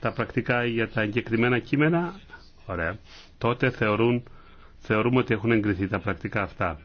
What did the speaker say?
τα πρακτικά για τα εγκεκριμένα κείμενα. Ωραία. Τότε θεωρούν, θεωρούμε ότι έχουν εγκριθεί τα πρακτικά αυτά.